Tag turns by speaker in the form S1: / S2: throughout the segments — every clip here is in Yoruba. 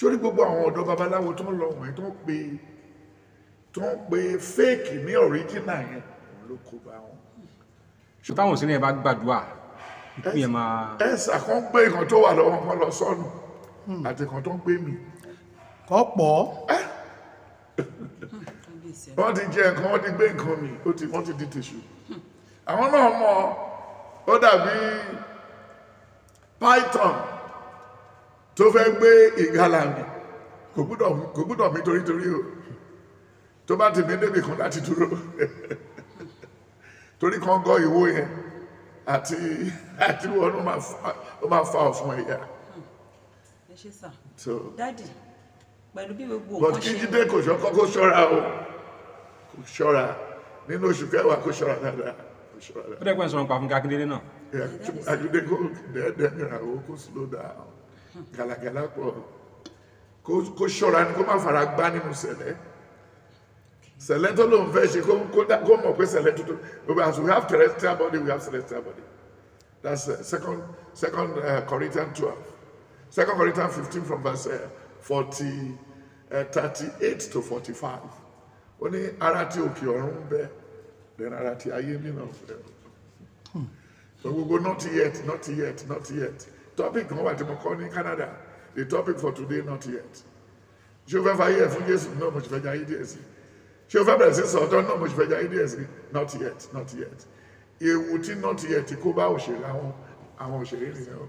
S1: sórí gbogbo àwọn ọ̀dọ́ babaláwo tó ń lọ wọ̀nyí tó ń pe tó ń pe fake ní ọ̀ríjìnà yẹn òun ló kó bá wọn. ṣé táwọn òsínú yẹn bá gbàdúrà ikú yẹn máa. ẹ ṣàkóń pé nǹkan tó wà lọ́wọ́ wọn lọ sọ́nù àti nǹkan tó ń pè mí. kọ́ pọ̀. wọ́n ti jẹ nǹkan wọ́n ti gbé nǹkan mi wọ́n ti di tèṣù. àwọn náà mọ̀ ó dàbí python tó fẹ́ gbé ìgalà mi kò gbúdọ̀ mi torítorí o tó bá ti mi débi kan láti dúró torí kan gọ ìwó yẹn àti àti wọn ó máa fa ọ̀fun ẹ̀yà. ẹ ṣe sà dádì pẹ̀lú bí gbogbo ọ̀kan ṣe. but Kíjídé kò ṣọ́kọ́ kó ṣọ́ra o kò ṣọ́ra nínú oṣù kẹwàá kò ṣọ́ra dáadáa kò ṣọ́ra dáadáa. ó dẹ́gbẹ́ sọ̀rọ̀ pa fún Akíndélé náà. Akíndélé kò dẹ́ẹ̀dẹ́ mìíràn o kò slow down gàlàgàlà ko ko ṣọ́ra ni kó má fara gbá nínú sẹ̀lẹ̀ sẹ̀lẹ̀ ko lóun fẹ́ ṣe kó mọ̀ pé sẹ̀lẹ̀ tó tó as we have celestial body we have celestial body that's uh, second second uh, Corinthians twelve second Corinthians fifteen from verse uh, forty uh, thirty-eight to forty-five O ni ara tí òkè ọ̀run ń bẹ lẹ́nu ara tí ayé mi náà ń bẹ hmm. gbogbo not yet not yet not yet topic kan wà tí mo kọ́ ní Canada the topic for today not yet ṣé o fẹ́ fàyè ẹ̀ fún Jésù náà mo sì fẹ́ jẹ́ ayé díẹ̀ sí ṣé o fẹ́ bẹ̀rẹ̀ sí sọ̀tọ́ náà mo sì fẹ́ jẹ́ ayé díẹ̀ sí not yet not yet ewu tí not yet kó bá òṣèré àwọn àwọn òṣèré nìyẹn o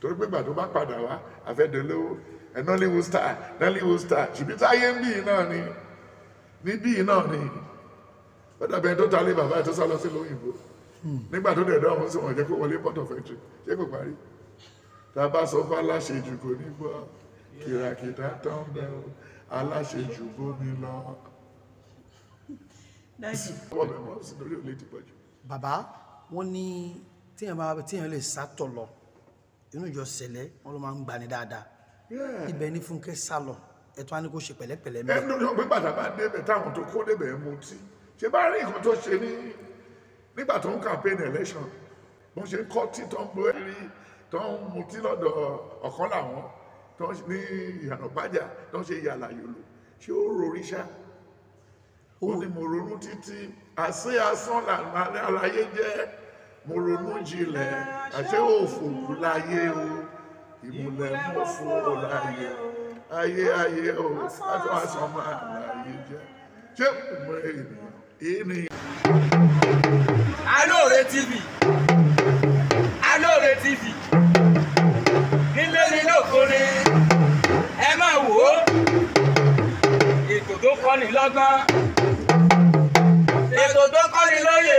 S1: torí pé gbàdúrà bá padà wá àfẹ́dẹ́lówó ẹ̀ Nollywood star Nollywood star ṣùgbọ́n táyé ń bí náà ni níbí náà ni ó dàbí ẹni tó ta lé bàbá ẹ tó sá lọ sí lóyìnbó hmm. nígbà tó dẹ̀ dán ọmọ sí wọn jẹ́ kó wọlé port of entry ṣé kò parí tàbá sọ fún aláṣejù kò ní gbọ́ kìràkìtà tán bẹ o aláṣejù bómi lọ. bàbá wọn ní tíyẹn bá tíyẹn lè sátọ lọ inú ìjọ sẹlẹ wọn ló máa ń gbani dáadáa ibẹ̀ ní Fúnkẹ́ sá lọ ẹ̀tọ́ á ní kó ṣe pẹ̀lẹ́pẹ̀lẹ́ mẹ. ẹnu ló gbé bàtà bá débẹ̀ táwọn tó kó débẹ̀ ẹ̀ mutí ṣe bá rí nǹkan tó ṣe ní nígbà tó ń campaign election wọ́n ṣe ń kọ́ títọ́ ń bọ́ ẹ̀ rí tó ń mutí lọ́dọ̀ ọ̀kan làwọn tó ń ní ìyànà bájà tó ń ṣe yàlà yòlò ṣé ó rorí ṣá ó ní mo ronú títí àṣé asán láyé jẹ́ mo ronú jinlẹ̀ àṣé òfò láyé o ìmùlẹ̀ mọ́ fún ọ láyé o ayé ayé o aṣọ asán máa láyé jẹ́ ṣé mo mọ ènìyàn ènìyàn. Alore TV. tó kọ́ni lọ́gbọ́n ètò tó kọ́ni lóye.